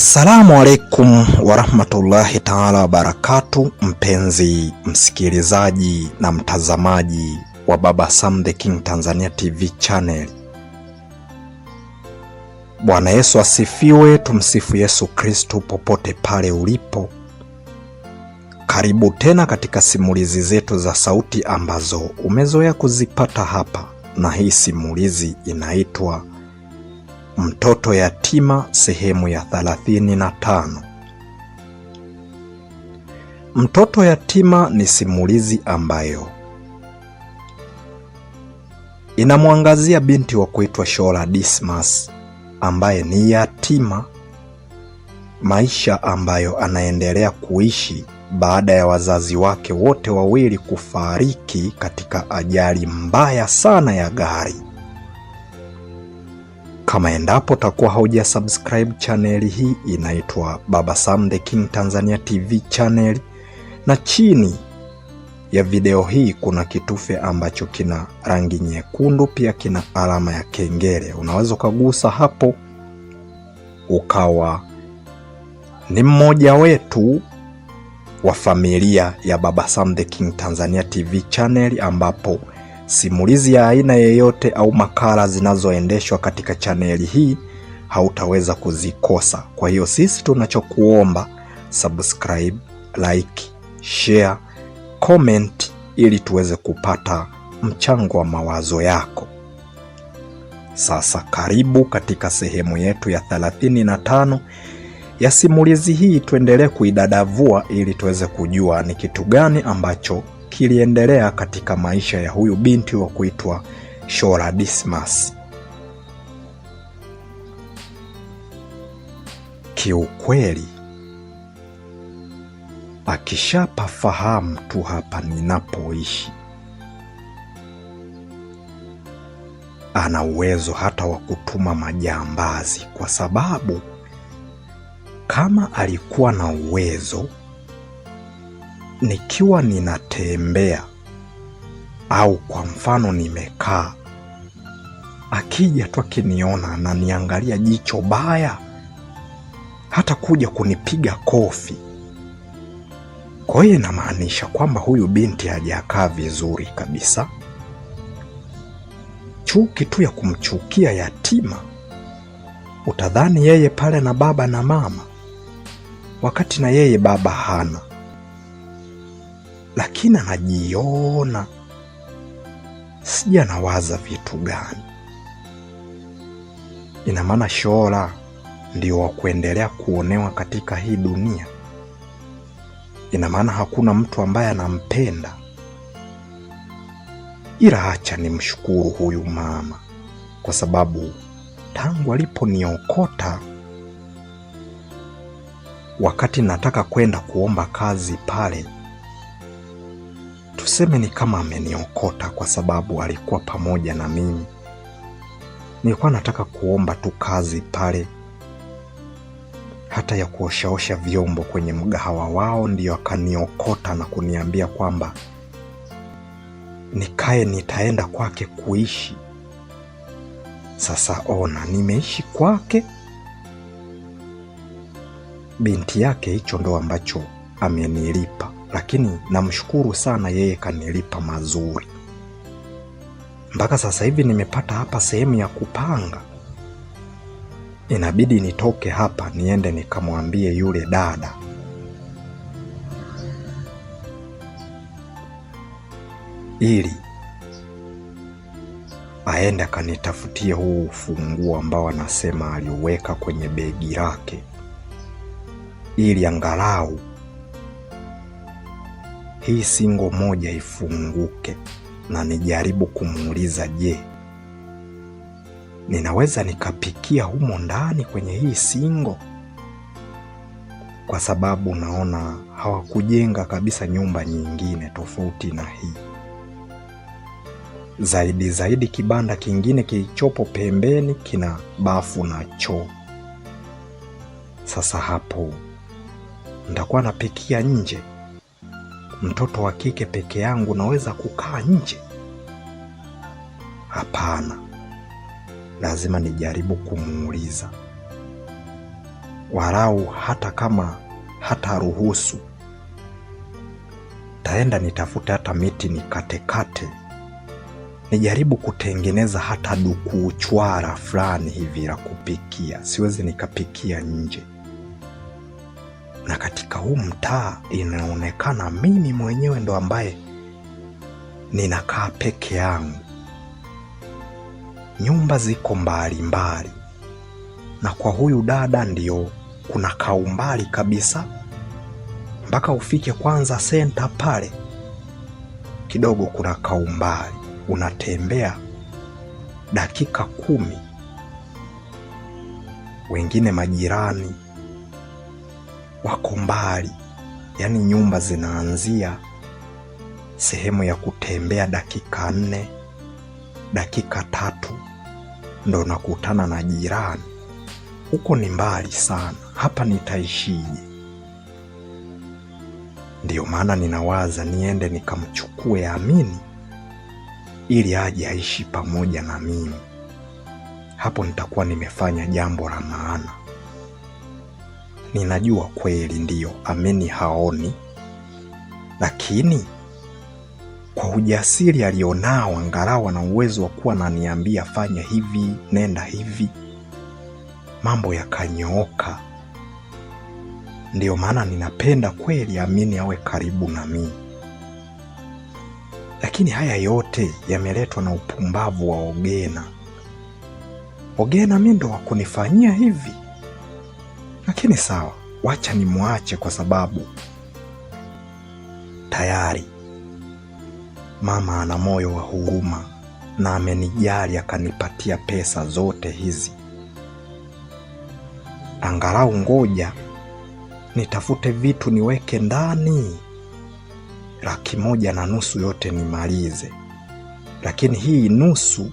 Assalamu alaikum warahmatullahi taala wabarakatu, mpenzi msikilizaji na mtazamaji wa Baba Sam the King Tanzania TV channel. Bwana Yesu asifiwe, tumsifu Yesu Kristu popote pale ulipo. Karibu tena katika simulizi zetu za sauti ambazo umezoea kuzipata hapa, na hii simulizi inaitwa Mtoto yatima sehemu ya 35. Mtoto yatima ni simulizi ambayo inamwangazia binti wa kuitwa Shola Dismas ambaye ni yatima, maisha ambayo anaendelea kuishi baada ya wazazi wake wote wawili kufariki katika ajali mbaya sana ya gari. Kama endapo takuwa hauja subscribe chaneli hii inaitwa Baba Sam the King Tanzania TV channel, na chini ya video hii kuna kitufe ambacho kina rangi nyekundu, pia kina alama ya kengele. Unaweza ukagusa hapo ukawa ni mmoja wetu wa familia ya Baba Sam the King Tanzania TV channel ambapo Simulizi ya aina yeyote au makala zinazoendeshwa katika chaneli hii hautaweza kuzikosa. Kwa hiyo sisi tunachokuomba subscribe, like, share, comment ili tuweze kupata mchango wa mawazo yako. Sasa karibu katika sehemu yetu ya 35 ya simulizi hii, tuendelee kuidadavua ili tuweze kujua ni kitu gani ambacho kiliendelea katika maisha ya huyu binti wa kuitwa Shora Dismas. Kiukweli akishapafahamu tu hapa ninapoishi, ana uwezo hata wa kutuma majambazi, kwa sababu kama alikuwa na uwezo nikiwa ninatembea au kwa mfano nimekaa, akija tu akiniona ananiangalia jicho baya, hata kuja kunipiga kofi. Kwa hiyo inamaanisha kwamba huyu binti hajakaa vizuri kabisa. Chuki tu ya kumchukia yatima, utadhani yeye pale na baba na mama, wakati na yeye baba hana lakini anajiona sija anawaza vitu gani. Ina maana Shora ndio wa kuendelea kuonewa katika hii dunia. Ina maana hakuna mtu ambaye anampenda, ila acha nimshukuru huyu mama kwa sababu tangu aliponiokota wakati nataka kwenda kuomba kazi pale tuseme ni kama ameniokota kwa sababu alikuwa pamoja na mimi. Nilikuwa nataka kuomba tu kazi pale, hata ya kuoshaosha vyombo kwenye mgahawa wao, ndiyo akaniokota na kuniambia kwamba nikae, nitaenda kwake kuishi. Sasa ona, nimeishi kwake, binti yake. Hicho ndo ambacho amenilipa lakini namshukuru sana yeye kanilipa mazuri. Mpaka sasa hivi nimepata hapa sehemu ya kupanga. Inabidi nitoke hapa niende nikamwambie yule dada. Ili aende akanitafutie huu ufunguo ambao anasema aliuweka kwenye begi lake ili angalau hii singo moja ifunguke na nijaribu kumuuliza, je, ninaweza nikapikia humo ndani kwenye hii singo? Kwa sababu naona hawakujenga kabisa nyumba nyingine tofauti na hii. Zaidi zaidi, kibanda kingine kilichopo pembeni kina bafu na choo. Sasa hapo nitakuwa napikia nje mtoto wa kike peke yangu naweza kukaa nje? Hapana, lazima nijaribu kumuuliza, warau hata kama hata ruhusu taenda nitafute hata miti nikatekate, nijaribu kutengeneza hata dukuuchwara fulani hivi la kupikia. Siwezi nikapikia nje katika huu mtaa inaonekana mimi mwenyewe ndo ambaye ninakaa peke yangu. Nyumba ziko mbali mbali, na kwa huyu dada ndio kuna kaumbali kabisa mpaka ufike kwanza senta pale kidogo, kuna kaumbali unatembea dakika kumi. Wengine majirani wako mbali, yaani nyumba zinaanzia sehemu ya kutembea dakika nne dakika tatu ndo nakutana na jirani. Huko ni mbali sana, hapa nitaishije? Ndiyo maana ninawaza niende nikamchukue Amini ili aje aishi pamoja na mimi. Hapo nitakuwa nimefanya jambo la maana ninajua kweli ndiyo Ameni haoni, lakini kwa ujasiri alionao angalau ana uwezo wa kuwa naniambia fanya hivi, nenda hivi, mambo yakanyooka. Ndiyo maana ninapenda kweli Amini awe karibu na mimi, lakini haya yote yameletwa na upumbavu wa Ogena. Ogena mi ndo wakunifanyia hivi lakini sawa, wacha nimwache kwa sababu tayari mama ana moyo wa huruma na amenijali akanipatia pesa zote hizi. Angalau ngoja nitafute vitu niweke ndani, laki moja na nusu yote nimalize, lakini hii nusu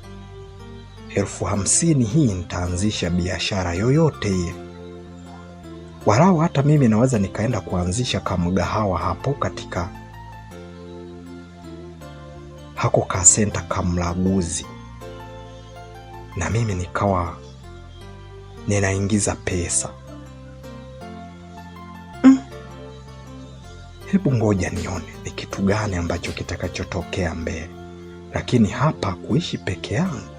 elfu hamsini hii nitaanzisha biashara yoyote ile walau hata mimi naweza nikaenda kuanzisha kamgahawa hapo katika hako kasenta kamlaguzi, na mimi nikawa ninaingiza pesa mm. Hebu ngoja nione ni kitu gani ambacho kitakachotokea mbele, lakini hapa kuishi peke yangu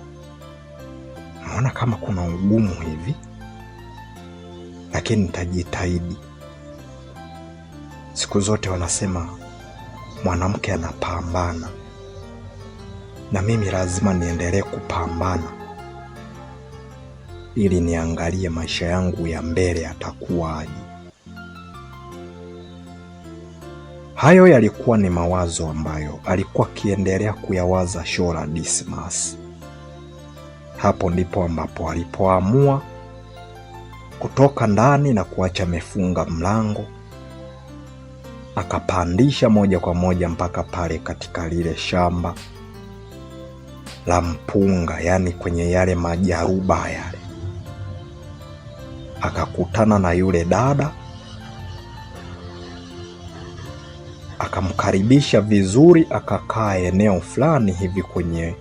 naona kama kuna ugumu hivi lakini nitajitahidi. Siku zote wanasema mwanamke anapambana, na mimi lazima niendelee kupambana ili niangalie maisha yangu ya mbele yatakuwaje. Hayo yalikuwa ni mawazo ambayo alikuwa akiendelea kuyawaza Shola Dismas. Hapo ndipo ambapo alipoamua kutoka ndani na kuacha amefunga mlango, akapandisha moja kwa moja mpaka pale katika lile shamba la mpunga, yaani kwenye yale majaruba yale, akakutana na yule dada akamkaribisha vizuri, akakaa eneo fulani hivi kwenye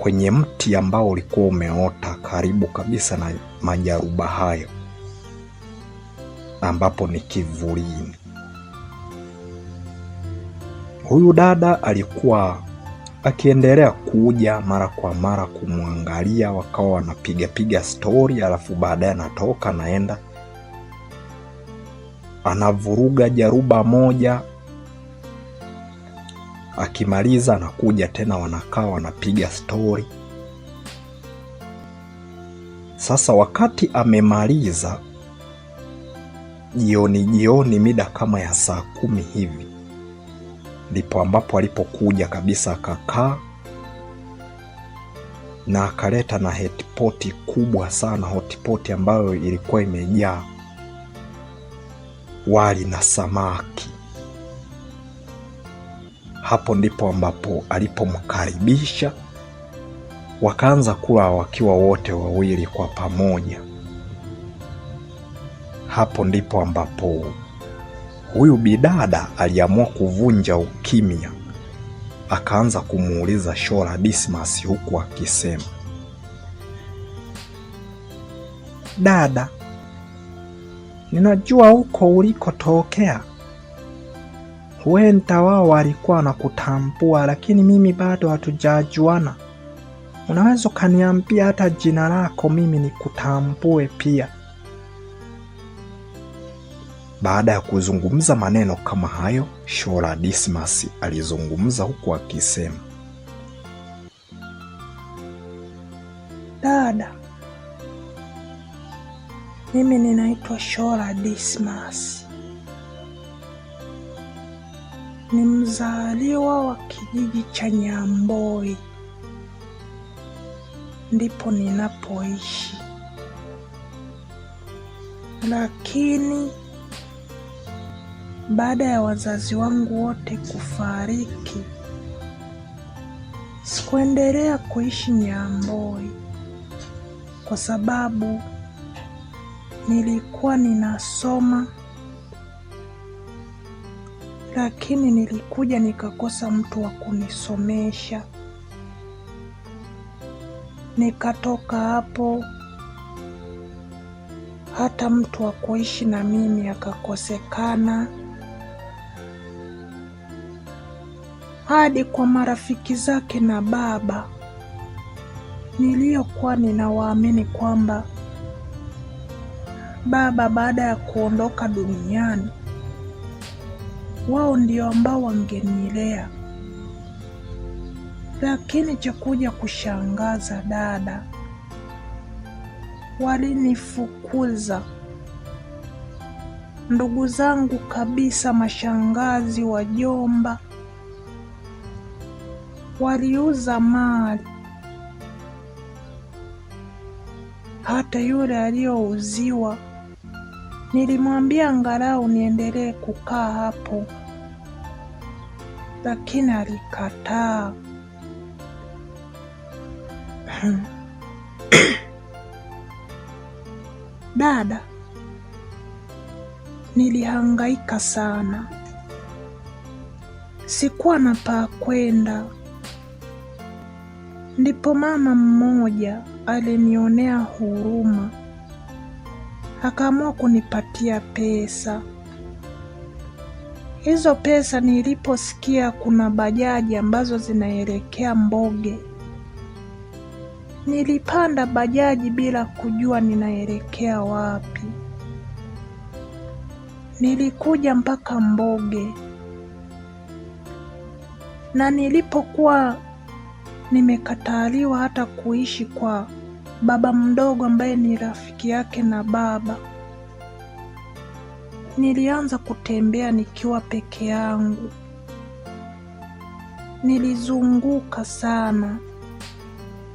kwenye mti ambao ulikuwa umeota karibu kabisa na majaruba hayo, ambapo ni kivulini. Huyu dada alikuwa akiendelea kuja mara kwa mara kumwangalia, wakawa wanapigapiga stori, alafu baadaye anatoka naenda anavuruga jaruba moja akimaliza anakuja tena, wanakaa wanapiga stori. Sasa wakati amemaliza jioni jioni, mida kama ya saa kumi hivi, ndipo ambapo alipokuja kabisa akakaa na akaleta na hotpoti kubwa sana, hotpoti ambayo ilikuwa imejaa wali na samaki hapo ndipo ambapo alipomkaribisha, wakaanza kula wakiwa wote wawili kwa pamoja. Hapo ndipo ambapo huyu bidada aliamua kuvunja ukimya, akaanza kumuuliza Shora Dismas huku akisema, dada, ninajua huko ulikotokea Huenda wao walikuwa kutambua lakini mimi bado hatujajuana. Unaweza ukaniambia hata jina lako, mimi nikutambue pia. Baada ya kuzungumza maneno kama hayo, Shola Dismas alizungumza huku akisema, dada, mimi ninaitwa Shola Dismas ni mzaliwa wa kijiji cha Nyamboi, ndipo ninapoishi, lakini baada ya wazazi wangu wote kufariki, sikuendelea kuishi Nyamboi kwa sababu nilikuwa ninasoma lakini nilikuja nikakosa mtu wa kunisomesha. Nikatoka hapo, hata mtu wa kuishi na mimi akakosekana, hadi kwa marafiki zake na baba niliyokuwa ninawaamini kwamba baba baada ya kuondoka duniani wao ndio ambao wangenilea. Lakini cha kuja kushangaza, dada, walinifukuza ndugu zangu kabisa, mashangazi, wajomba, waliuza mali. Hata yule aliyouziwa nilimwambia angalau niendelee kukaa hapo lakini alikataa. Dada, nilihangaika sana, sikuwa na pa kwenda, ndipo mama mmoja alinionea huruma, akaamua kunipatia pesa hizo pesa niliposikia kuna bajaji ambazo zinaelekea Mboge, nilipanda bajaji bila kujua ninaelekea wapi. Nilikuja mpaka Mboge na nilipokuwa nimekataliwa hata kuishi kwa baba mdogo ambaye ni rafiki yake na baba Nilianza kutembea nikiwa peke yangu. Nilizunguka sana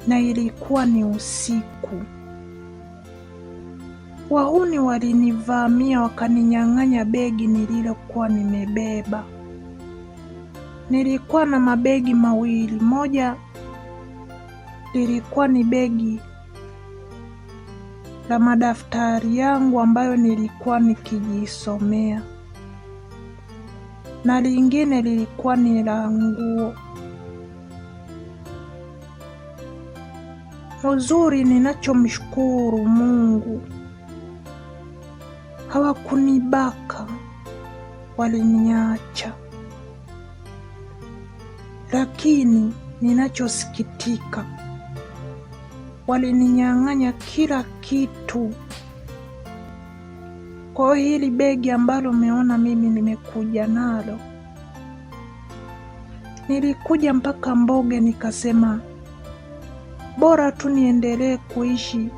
na ilikuwa ni usiku. Wahuni walinivamia wakaninyang'anya begi nililokuwa nimebeba. Nilikuwa na mabegi mawili, moja lilikuwa ni begi la madaftari yangu ambayo nilikuwa nikijisomea, na lingine lilikuwa ni la nguo. Uzuri, ninachomshukuru Mungu, hawakunibaka, waliniacha. Lakini ninachosikitika walininyang'anya kila kitu. Kwa hiyo hili begi ambalo umeona mimi nimekuja nalo, nilikuja mpaka Mboge nikasema bora tu niendelee kuishi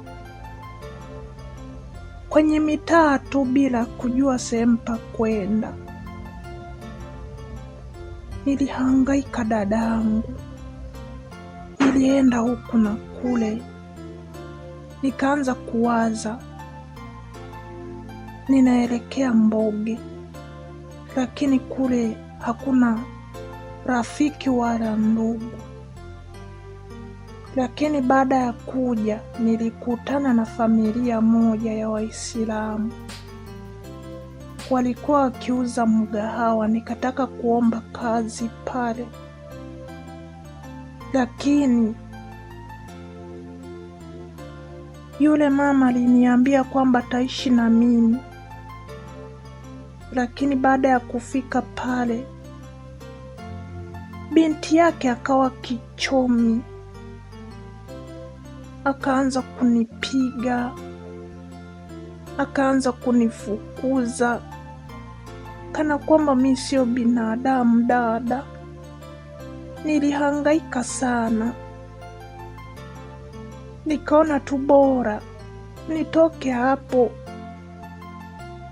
kwenye mitaa tu bila kujua sehemu pa kwenda. Nilihangaika dadangu, nilienda huku na kule. Nikaanza kuwaza, ninaelekea Mboge, lakini kule hakuna rafiki wala ndugu. Lakini baada ya kuja nilikutana na familia moja ya Waislamu, walikuwa wakiuza mgahawa. Nikataka kuomba kazi pale, lakini Yule mama aliniambia kwamba ataishi na mimi, lakini baada ya kufika pale, binti yake akawa kichomi, akaanza kunipiga, akaanza kunifukuza kana kwamba mi sio binadamu. Dada, nilihangaika sana nikaona tu bora nitoke hapo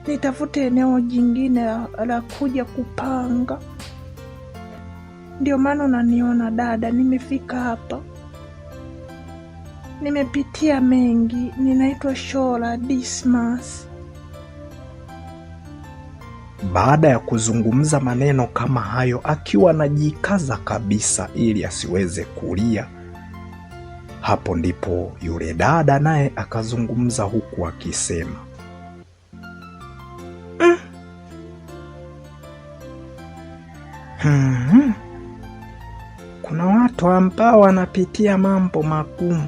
nitafute eneo jingine la, la kuja kupanga. Ndio maana unaniona dada, nimefika hapa, nimepitia mengi. Ninaitwa Shola Dismas. Baada ya kuzungumza maneno kama hayo, akiwa anajikaza kabisa ili asiweze kulia, hapo ndipo yule dada naye akazungumza huku akisema, mm. Hmm. Kuna watu ambao wanapitia mambo magumu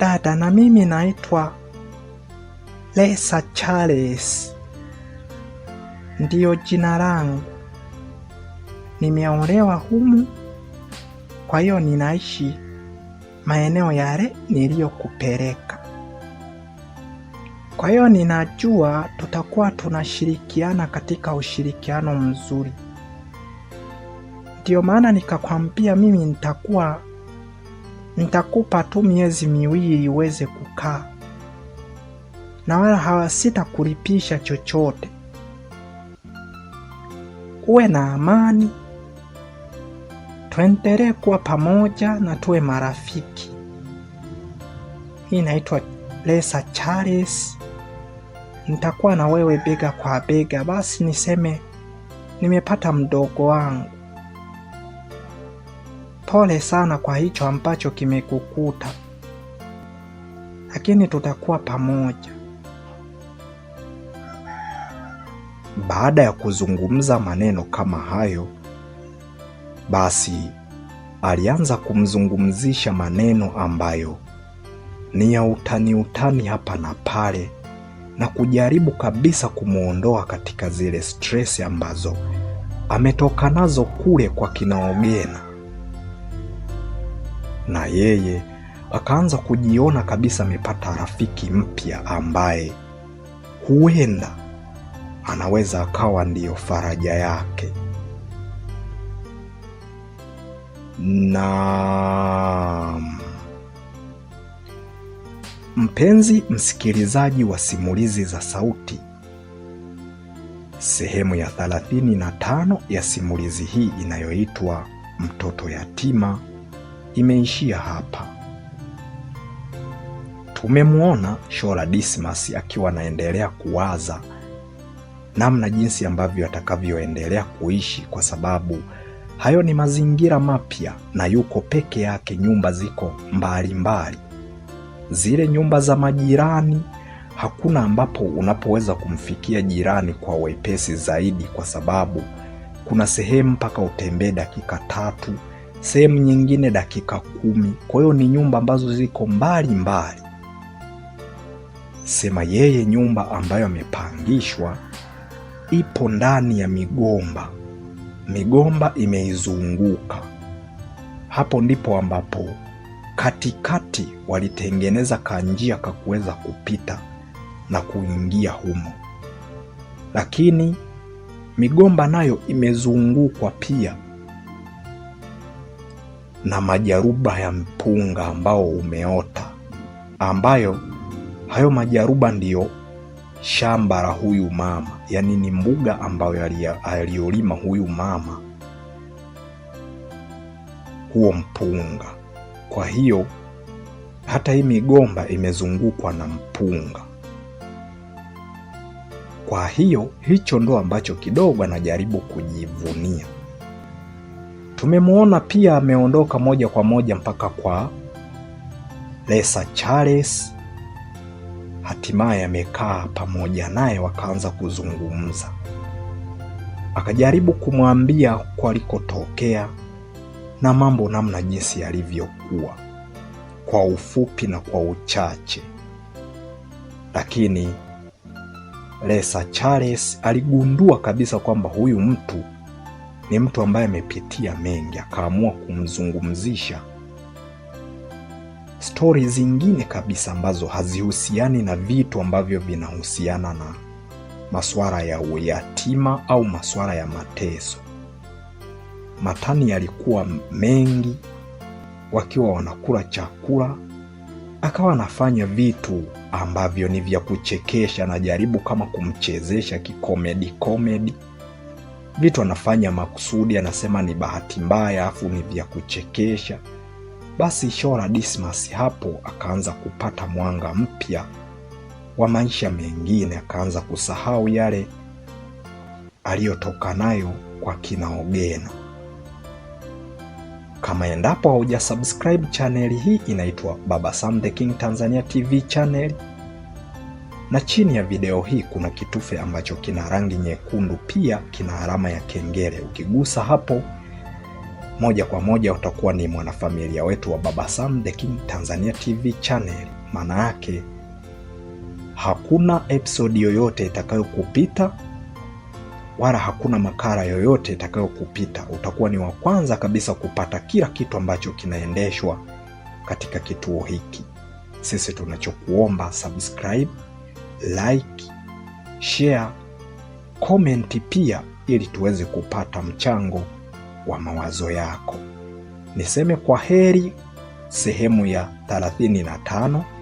dada, na mimi naitwa Lesa Charles, ndiyo jina langu. Nimeolewa humu, kwa hiyo ninaishi maeneo yale niliyokupeleka. Kwa hiyo ninajua tutakuwa tunashirikiana katika ushirikiano mzuri. Ndio maana nikakwambia mimi nitakuwa nitakupa tu miezi miwili uweze kukaa, na wala hawasitakulipisha chochote. Uwe na amani, tuendelee kuwa pamoja na tuwe marafiki hii inaitwa Lesa Charles. Nitakuwa na wewe bega kwa bega. Basi niseme nimepata mdogo wangu, pole sana kwa hicho ambacho kimekukuta, lakini tutakuwa pamoja. Baada ya kuzungumza maneno kama hayo, basi alianza kumzungumzisha maneno ambayo ni ya utani utani hapa na pale, na kujaribu kabisa kumwondoa katika zile stress ambazo ametoka nazo kule kwa kinaogena, na yeye akaanza kujiona kabisa amepata rafiki mpya ambaye huenda anaweza akawa ndiyo faraja yake. na Mpenzi msikilizaji wa simulizi za sauti, sehemu ya 35 ya simulizi hii inayoitwa Mtoto Yatima imeishia hapa. Tumemwona Shora Dismas akiwa anaendelea kuwaza namna jinsi ambavyo atakavyoendelea kuishi, kwa sababu hayo ni mazingira mapya na yuko peke yake, nyumba ziko mbalimbali mbali zile nyumba za majirani, hakuna ambapo unapoweza kumfikia jirani kwa wepesi zaidi, kwa sababu kuna sehemu mpaka utembee dakika tatu, sehemu nyingine dakika kumi. Kwa hiyo ni nyumba ambazo ziko mbali mbali. Sema yeye nyumba ambayo amepangishwa ipo ndani ya migomba, migomba imeizunguka. Hapo ndipo ambapo Katikati walitengeneza kanjia kakuweza kupita na kuingia humo, lakini migomba nayo imezungukwa pia na majaruba ya mpunga ambao umeota, ambayo hayo majaruba ndiyo shamba la huyu mama, yaani ni mbuga ambayo aliyolima huyu mama huo mpunga. Kwa hiyo hata hii migomba imezungukwa na mpunga. Kwa hiyo hicho ndo ambacho kidogo anajaribu kujivunia. Tumemwona pia ameondoka moja kwa moja mpaka kwa Lesa Charles, hatimaye amekaa pamoja naye wakaanza kuzungumza, akajaribu kumwambia kwalikotokea na mambo namna jinsi yalivyokuwa kwa ufupi na kwa uchache, lakini Lesa Charles aligundua kabisa kwamba huyu mtu ni mtu ambaye amepitia mengi, akaamua kumzungumzisha stori zingine kabisa ambazo hazihusiani na vitu ambavyo vinahusiana na masuala ya uyatima au masuala ya mateso matani yalikuwa mengi, wakiwa wanakula chakula. Akawa anafanya vitu ambavyo ni vya kuchekesha, anajaribu kama kumchezesha kikomedi komedi, vitu anafanya makusudi, anasema ni bahati mbaya, afu ni vya kuchekesha. Basi Shora Dismas hapo akaanza kupata mwanga mpya wa maisha mengine, akaanza kusahau yale aliyotoka nayo kwa kinaogena kama endapo hauja subscribe chaneli hii inaitwa Baba Sam the King Tanzania TV channel, na chini ya video hii kuna kitufe ambacho kina rangi nyekundu, pia kina alama ya kengele. Ukigusa hapo moja kwa moja utakuwa ni mwanafamilia wetu wa Baba Sam the King Tanzania TV channel. Maana yake hakuna episodi yoyote itakayokupita wala hakuna makara yoyote itakayokupita. Utakuwa ni wa kwanza kabisa kupata kila kitu ambacho kinaendeshwa katika kituo hiki. Sisi tunachokuomba subscribe, like, share, comment pia ili tuweze kupata mchango wa mawazo yako. Niseme kwa heri sehemu ya 35.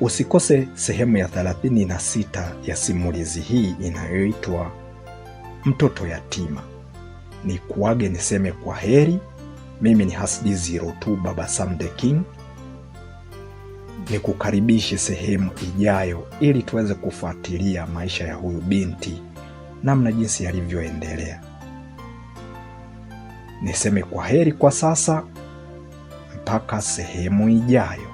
Usikose sehemu ya 36 ya simulizi hii inayoitwa Mtoto Yatima. Ni kuage niseme kwa heri. Mimi ni Hasd02 Baba Sam the King, ni kukaribishi sehemu ijayo, ili tuweze kufuatilia maisha ya huyu binti namna jinsi yalivyoendelea. Niseme kwa heri kwa sasa, mpaka sehemu ijayo.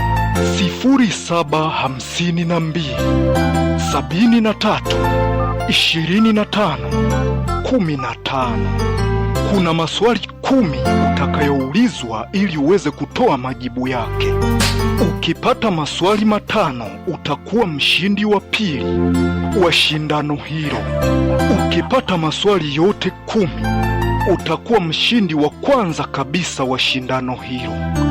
tano kumi na tano. Kuna maswali kumi utakayoulizwa ili uweze kutoa majibu yake. Ukipata maswali matano utakuwa mshindi wa pili wa shindano hilo. Ukipata maswali yote kumi utakuwa mshindi wa kwanza kabisa wa shindano hilo